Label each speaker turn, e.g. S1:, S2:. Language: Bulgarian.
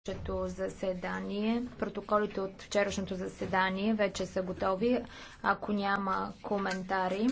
S1: вчерашното заседание. Протоколите от вчерашното заседание вече са готови. Ако няма коментари,